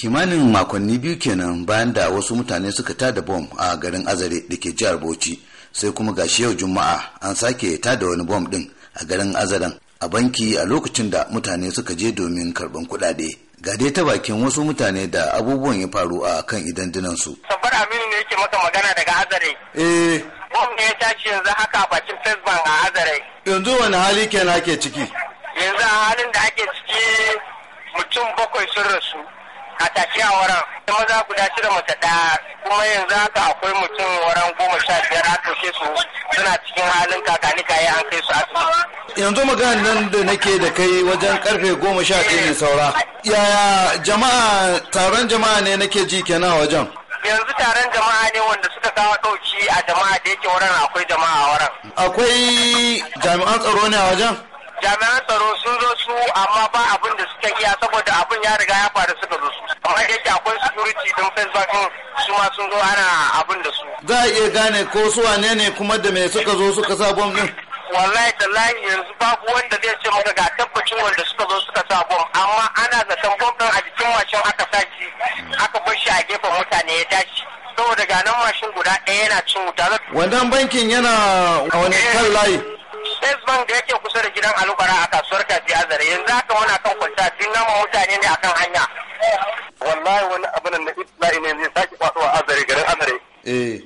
kimanin makonni biyu kenan bayan da wasu mutane suka tada bom a garin azare da ke jihar bauchi sai kuma gashi yau juma'a an sake tada wani bom din a garin azaren a banki a lokacin da mutane suka je domin karban kuɗaɗe ga dai ta bakin wasu mutane da abubuwan ya faru a kan idan su. Sabbar Aminu ne yake maka magana daga Azare. Eh. Bom ne ya tashi yanzu haka a bakin First Bank a Azare. Yanzu wani hali kenan ake ciki? Yanzu a halin da ake ciki mutum bakwai sun rasu. a tashi a wurin da maza guda shida mace ɗaya kuma yanzu haka akwai mutum wurin goma sha biyar a ɗauke su suna cikin halin kakanika ya an kai su asibiti. yanzu magana nan da nake da kai wajen karfe goma sha ɗaya ne saura yaya jama'a taron jama'a ne nake ji kenan wajen. yanzu taron jama'a ne wanda suka kawo ɗauki a jama'a da yake wurin akwai jama'a a wurin. akwai jami'an tsaro ne a wajen. jami'an tsaro sun zo su amma ba abin da suka iya saboda abin ya riga ya faru suka zo su amma da yake akwai security din facebook su ma sun zo ana abin da su za a iya gane ko su wane ne kuma da me suka zo suka sa bom din wallahi yanzu babu wanda zai ce maka ga tabbacin wanda suka zo suka sa bom amma ana zaton bom din a jikin mashin aka saki aka bar shi a gefen mutane ya tashi saboda ga nan mashin guda ɗaya yana cin wuta wannan bankin yana a wani kan layi First Bank da yake kusa da gidan Alubara a kasuwar kaji Azare yanzu haka muna kan kwanta nan mutane ne akan hanya. Wallahi wani abin da Isla'i ne zai sake kwato a Azare garin Azare. Eh.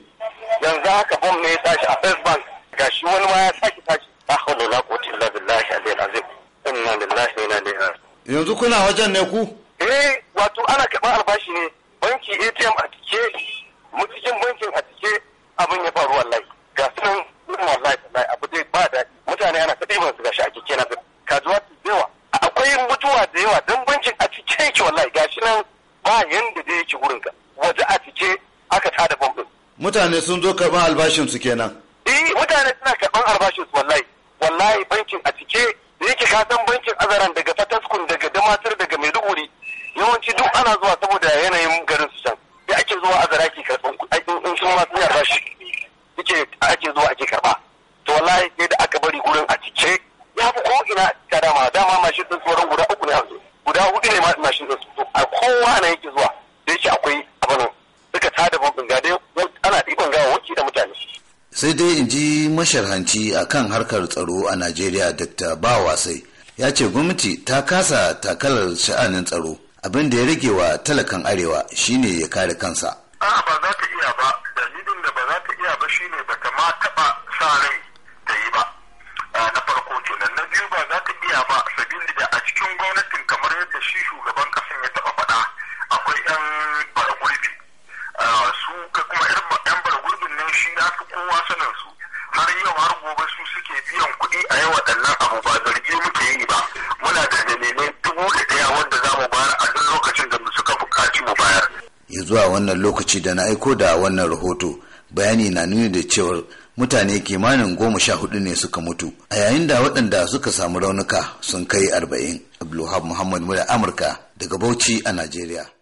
Yanzu haka bom ne ya tashi a First Bank gashi wani ma ya sake tashi. La hawla la quwwata illa billahi al-aliyyil azim. Inna lillahi wa inna ilaihi raji'un. Yanzu kuna wajen ne ku? Eh, wato ana karɓar albashi ne. Banki ATM a ce wallahi gashi nan ba yanda da yi gurin ka waje a fice aka tada bomb din mutane sun zo karban albashin su kenan eh mutane suna karban albashin su wallahi wallahi bankin a cike da yake ka san bankin azaran daga fataskun daga damatar daga maiduguri yawanci duk ana zuwa saboda yanayin garin su can da ake zuwa azara ke karban in sun ma sun yi albashi yake ake zuwa ake karba to wallahi sai da aka bari gurin a cike ya fi ko ina ta dama dama mashin sun tsoron guda uku ne a guda hudu ne mashin da su a kowa na yake zuwa da yake akwai abin suka da bombin ga dai ana ɗiban gawa wanki da mutane sai dai in ji masharhanci a kan harkar tsaro a najeriya dr ba wasai ya ce gwamnati ta kasa takalar sha'anin tsaro abin da ya rage wa talakan arewa shine ya kare kansa a ba za ta iya ba dalilin da ba za ta iya ba shine ba ta ma taɓa sa rai ya fi kowa sanin su har yau har gobe su suke biyan kuɗi a yau waɗannan abu ba zargi muke yi ba muna da dalilai dubu da ɗaya wanda za mu bayar a duk lokacin da mu suka buƙaci mu bayar. ya zuwa wannan lokaci da na aiko da wannan rahoto bayani na nuni da cewar mutane kimanin goma sha hudu ne suka mutu a yayin da waɗanda suka samu raunuka sun kai arba'in abdulhab muhammad mura amurka daga bauchi a najeriya